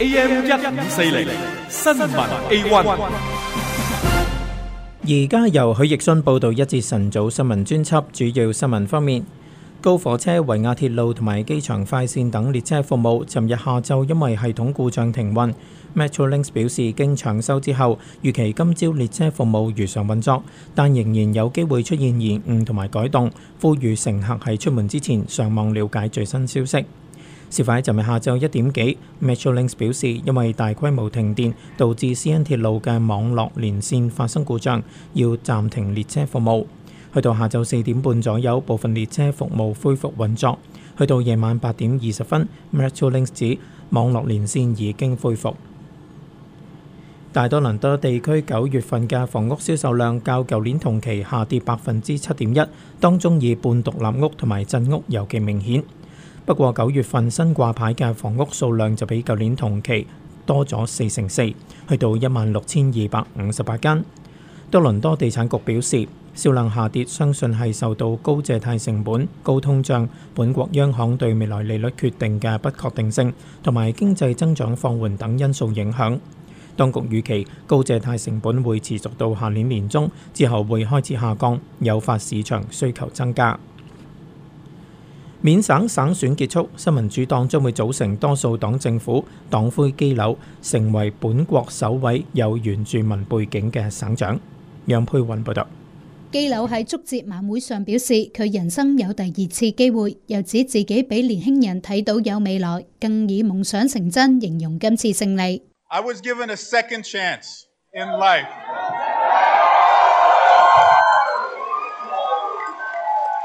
AM 一五四零新聞 A1，而家由許奕迅報道一節晨早新聞專輯。主要新聞方面，高火車維亞鐵路同埋機場快線等列車服務，尋日下晝因為系統故障停運。Metrolinx 表示，經搶修之後，預期今朝列車服務如常運作，但仍然有機會出現延誤同埋改動。呼籲乘客喺出門之前上網了解最新消息。事發喺昨日下晝一點幾，Metrolinx 表示因為大規模停電，導致 CN 鐵路嘅網絡連線發生故障，要暫停列車服務。去到下晝四點半左右，部分列車服務恢復運作。去到夜晚八點二十分，Metrolinx 指網絡連線已經恢復。大多倫多地區九月份嘅房屋銷售量較舊年同期下跌百分之七點一，當中以半獨立屋同埋鎮屋尤其明顯。不過九月份新掛牌嘅房屋數量就比舊年同期多咗四成四，去到一萬六千二百五十八間。多倫多地產局表示，銷量下跌相信係受到高借貸成本、高通脹、本國央行對未來利率決定嘅不確定性同埋經濟增長放緩等因素影響。當局預期高借貸成本會持續到下年年中，之後會開始下降，誘發市場需求增加。緬省省選結束，新民主黨將會組成多數黨政府，黨魁基柳成為本國首位有原住民背景嘅省長。楊佩雲報道。基柳喺祝捷晚會上表示，佢人生有第二次機會，又指自己俾年輕人睇到有未來，更以夢想成真形容今次勝利。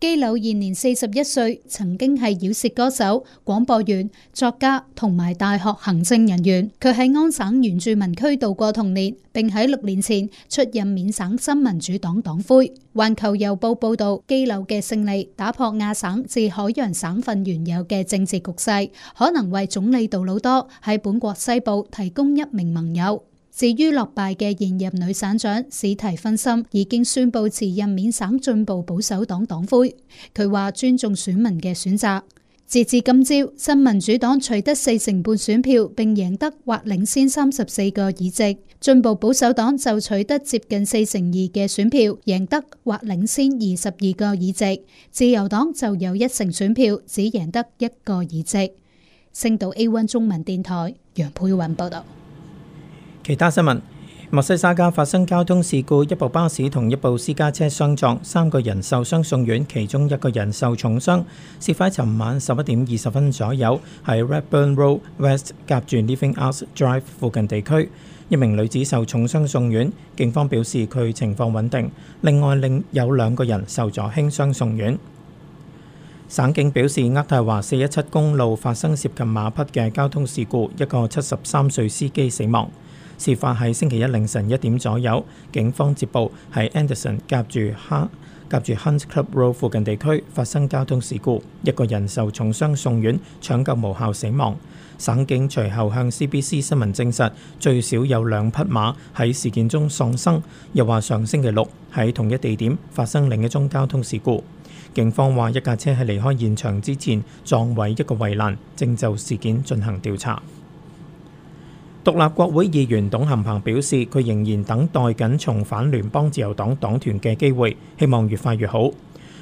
基柳現年四十一歲，曾經係饒舌歌手、廣播員、作家同埋大學行政人員。佢喺安省原住民區度過童年，並喺六年前出任緬省新民主黨黨魁。環球郵報報道，基柳嘅勝利打破亞省至海洋省份原有嘅政治局勢，可能為總理杜魯多喺本國西部提供一名盟友。至於落敗嘅現任女省長史提芬森已經宣布辭任免省進步保守黨黨魁，佢話尊重選民嘅選擇。截至今朝，新民主黨取得四成半選票並贏得或領先三十四個議席，進步保守黨就取得接近四成二嘅選票，贏得或領先二十二個議席，自由黨就有一成選票只贏得一個議席。星島 A1 中文電台，楊佩雲報導。其他新聞：墨西沙加發生交通事故，一部巴士同一部私家車相撞，三個人受傷送院，其中一個人受重傷。事發尋晚十一點二十分左右，喺 Redburn Road West 夾住 Living Arts Drive 附近地區，一名女子受重傷送院，警方表示佢情況穩定。另外，另有兩個人受咗輕傷送院。省警表示，渥太華四一七公路發生涉及馬匹嘅交通事故，一個七十三歲司機死亡。事發喺星期一凌晨一點左右，警方接報喺 Anderson 夾住哈夾住 Hunt Club Road 附近地區發生交通事故，一個人受重傷送院，搶救無效死亡。省警隨後向 CBC 新聞證實，最少有兩匹馬喺事件中喪生，又話上星期六喺同一地點發生另一宗交通事故。警方話一架車喺離開現場之前撞毀一個圍欄，正就事件進行調查。獨立國會議員董晗鵬表示，佢仍然等待緊重返聯邦自由黨黨團嘅機會，希望越快越好。《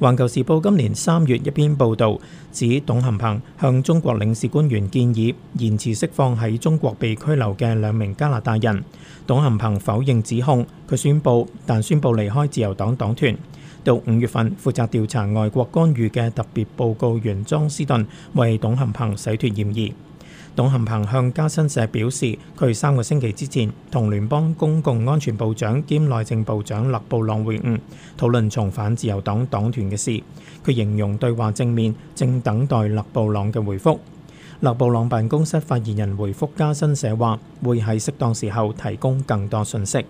環球時報》今年三月一篇報導指，董晗鵬向中國領事官員建議延遲釋放喺中國被拘留嘅兩名加拿大人。董晗鵬否認指控，佢宣布但宣布離開自由黨黨團。到五月份，負責調查外國干預嘅特別報告員莊斯頓為董晗鵬洗脱嫌疑。董含鵬向加新社表示，佢三個星期之前同聯邦公共安全部長兼內政部長勒布朗會晤，討論重返自由黨黨團嘅事。佢形容對話正面，正等待勒布朗嘅回覆。勒布朗辦公室發言人回覆加新社話，會喺適當時候提供更多信息。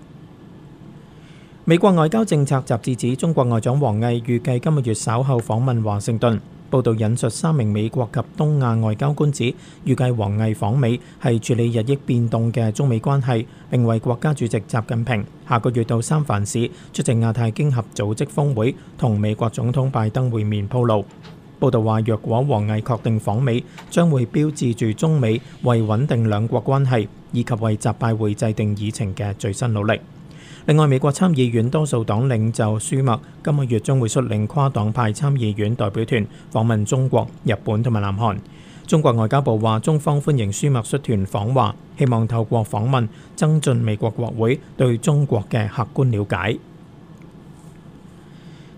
美國外交政策雜誌指，中國外長王毅預計今個月稍後訪問華盛頓。報道引述三名美國及東亞外交官指，預計王毅訪美係處理日益變動嘅中美關係，並為國家主席習近平下個月到三藩市出席亞太經合組織峰會同美國總統拜登會面鋪路。報道話，若果王毅確定訪美，將會標誌住中美為穩定兩國關係以及為習拜會制定議程嘅最新努力。另外，美國參議院多數黨領袖舒默今個月將會率領跨黨派參議院代表團訪問中國、日本同埋南韓。中國外交部話：中方歡迎舒默率團訪華，希望透過訪問增進美國國會對中國嘅客觀了解。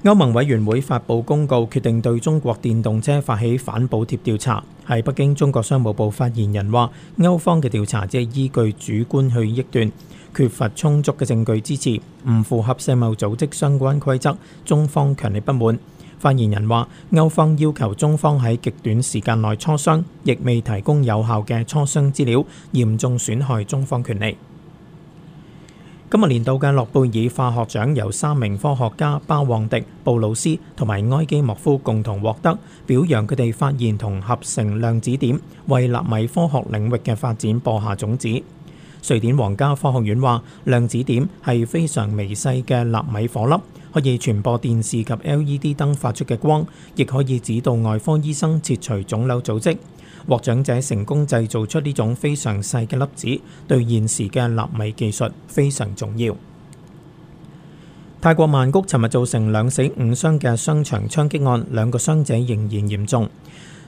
歐盟委員會發布公告，決定對中國電動車發起反補貼調查。喺北京，中國商務部發言人話：歐方嘅調查只係依據主觀去臆斷，缺乏充足嘅證據支持，唔符合世貿組織相關規則。中方強烈不滿。發言人話：歐方要求中方喺極短時間內磋商，亦未提供有效嘅磋商資料，嚴重損害中方權利。今日年度嘅諾貝爾化學獎由三名科學家巴旺迪、布魯斯同埋埃基莫夫共同獲得，表揚佢哋發現同合成量子點，為納米科學領域嘅發展播下種子。瑞典皇家科學院話，量子點係非常微細嘅納米顆粒。可以傳播電視及 LED 燈發出嘅光，亦可以指導外科醫生切除腫瘤組織。獲獎者成功製造出呢種非常細嘅粒子，對現時嘅納米技術非常重要。泰國曼谷尋日造成兩死五傷嘅商場槍擊案，兩個傷者仍然嚴重。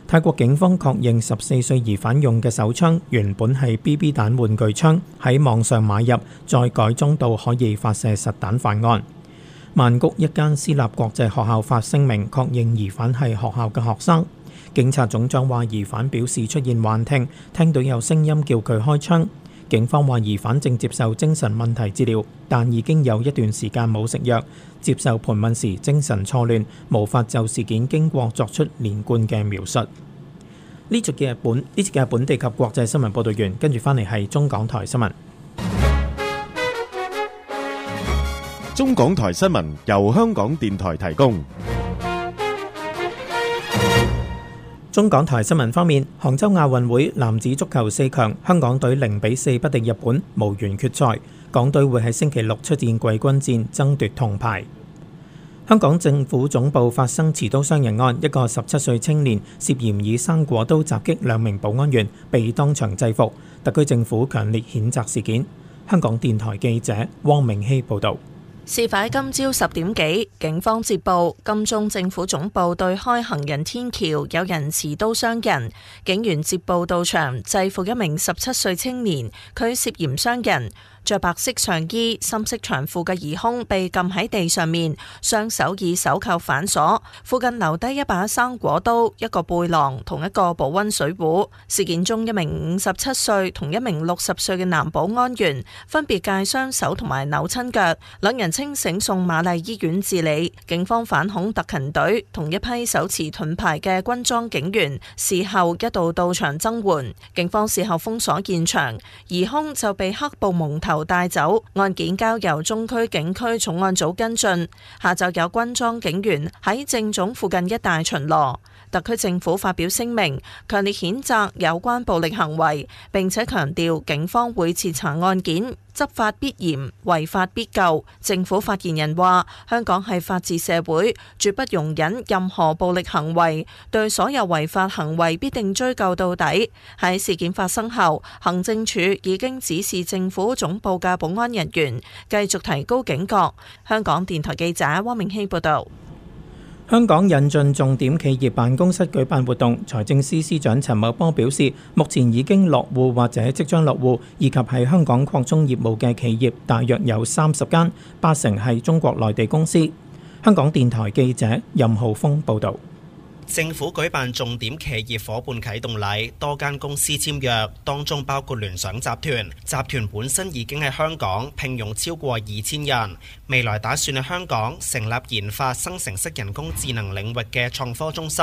泰國警方確認十四歲疑犯用嘅手槍原本係 BB 彈玩具槍，喺網上買入，再改裝到可以發射實彈犯案。曼谷一間私立國際學校發聲明確認疑犯係學校嘅學生。警察總長話疑犯表示出現幻聽，聽到有聲音叫佢開槍。警方話疑犯正接受精神問題治療，但已經有一段時間冇食藥。接受盤問時精神錯亂，無法就事件經過作出連貫嘅描述。呢組嘅日本呢組嘅本地及國際新聞報道員，跟住翻嚟係中港台新聞。中港台新聞由香港電台提供。中港台新聞方面，杭州亞運會男子足球四強，香港隊零比四不敵日本，無緣決賽。港隊會喺星期六出戰季軍戰，爭奪銅牌。香港政府總部發生持刀傷人案，一個十七歲青年涉嫌以生果刀襲擊兩名保安員，被當場制服。特區政府強烈譴責事件。香港電台記者汪明熙報道。事發喺今朝十點幾，警方接報，金鐘政府總部對開行人天橋有人持刀傷人，警員接報到場，制服一名十七歲青年，佢涉嫌傷人。着白色上衣、深色長褲嘅疑凶被撳喺地上面，雙手以手銬反鎖。附近留低一把生果刀、一個背囊同一個保温水壺。事件中一名五十七歲同一名六十歲嘅男保安員分別界雙手同埋扭親腳，兩人清醒送瑪麗醫院治理。警方反恐特勤隊同一批手持盾牌嘅軍裝警員事後一度到場增援。警方事後封鎖現場，疑凶就被黑布蒙頭。由帶走，案件交由中區警區重案組跟進，下晝有軍裝警員喺正總附近一帶巡邏。特區政府發表聲明，強烈譴責有關暴力行為，並且強調警方會徹查案件，執法必嚴，違法必究。政府發言人話：香港係法治社會，絕不容忍任何暴力行為，對所有違法行為必定追究到底。喺事件發生後，行政署已經指示政府總部嘅保安人員繼續提高警覺。香港電台記者汪明熙報道。香港引進重點企業辦公室舉辦活動，財政司司長陳茂波表示，目前已經落戶或者即將落戶，以及喺香港擴充業務嘅企業，大約有三十間，八成係中國內地公司。香港電台記者任浩峰報導。政府舉辦重點企業夥伴啟動禮，多間公司簽約，當中包括聯想集團。集團本身已經喺香港聘用超過二千人，未來打算喺香港成立研發生成式人工智能領域嘅創科中心。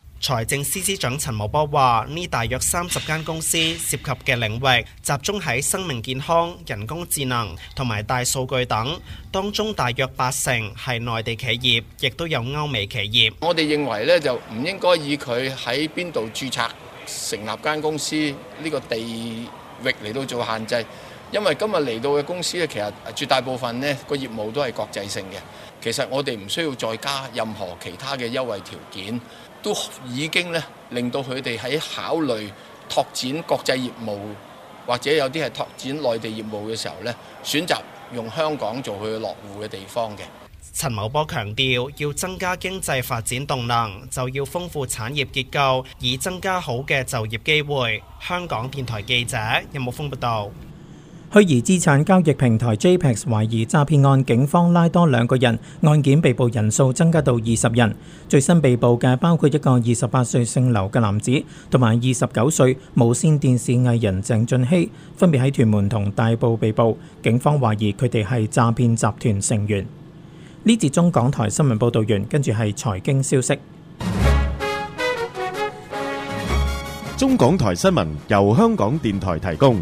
財政司司長陳茂波話：呢，大約三十間公司涉及嘅領域集中喺生命健康、人工智能同埋大數據等，當中大約八成係內地企業，亦都有歐美企業。我哋認為咧，就唔應該以佢喺邊度註冊成立間公司呢個地域嚟到做限制，因為今日嚟到嘅公司咧，其實絕大部分呢個業務都係國際性嘅。其實我哋唔需要再加任何其他嘅優惠條件。都已經咧，令到佢哋喺考慮拓展國際業務，或者有啲係拓展內地業務嘅時候咧，選擇用香港做佢落戶嘅地方嘅。陳茂波強調，要增加經濟發展動能，就要豐富產業結構，以增加好嘅就業機會。香港電台記者任木風報道。虛擬資產交易平台 JPEX 懷疑詐騙案，警方拉多兩個人，案件被捕人數增加到二十人。最新被捕嘅包括一個二十八歲姓劉嘅男子，同埋二十九歲無綫電視藝人鄭俊熙，分別喺屯門同大埔被捕。警方懷疑佢哋係詐騙集團成員。呢節中港台新聞報道完，跟住係財經消息。中港台新聞由香港電台提供。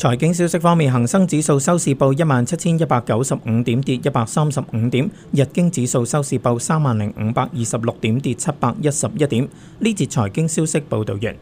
財經消息方面，恆生指數收市報一萬七千一百九十五點，跌一百三十五點；日經指數收市報三萬零五百二十六點，跌七百一十一點。呢節財經消息報道完。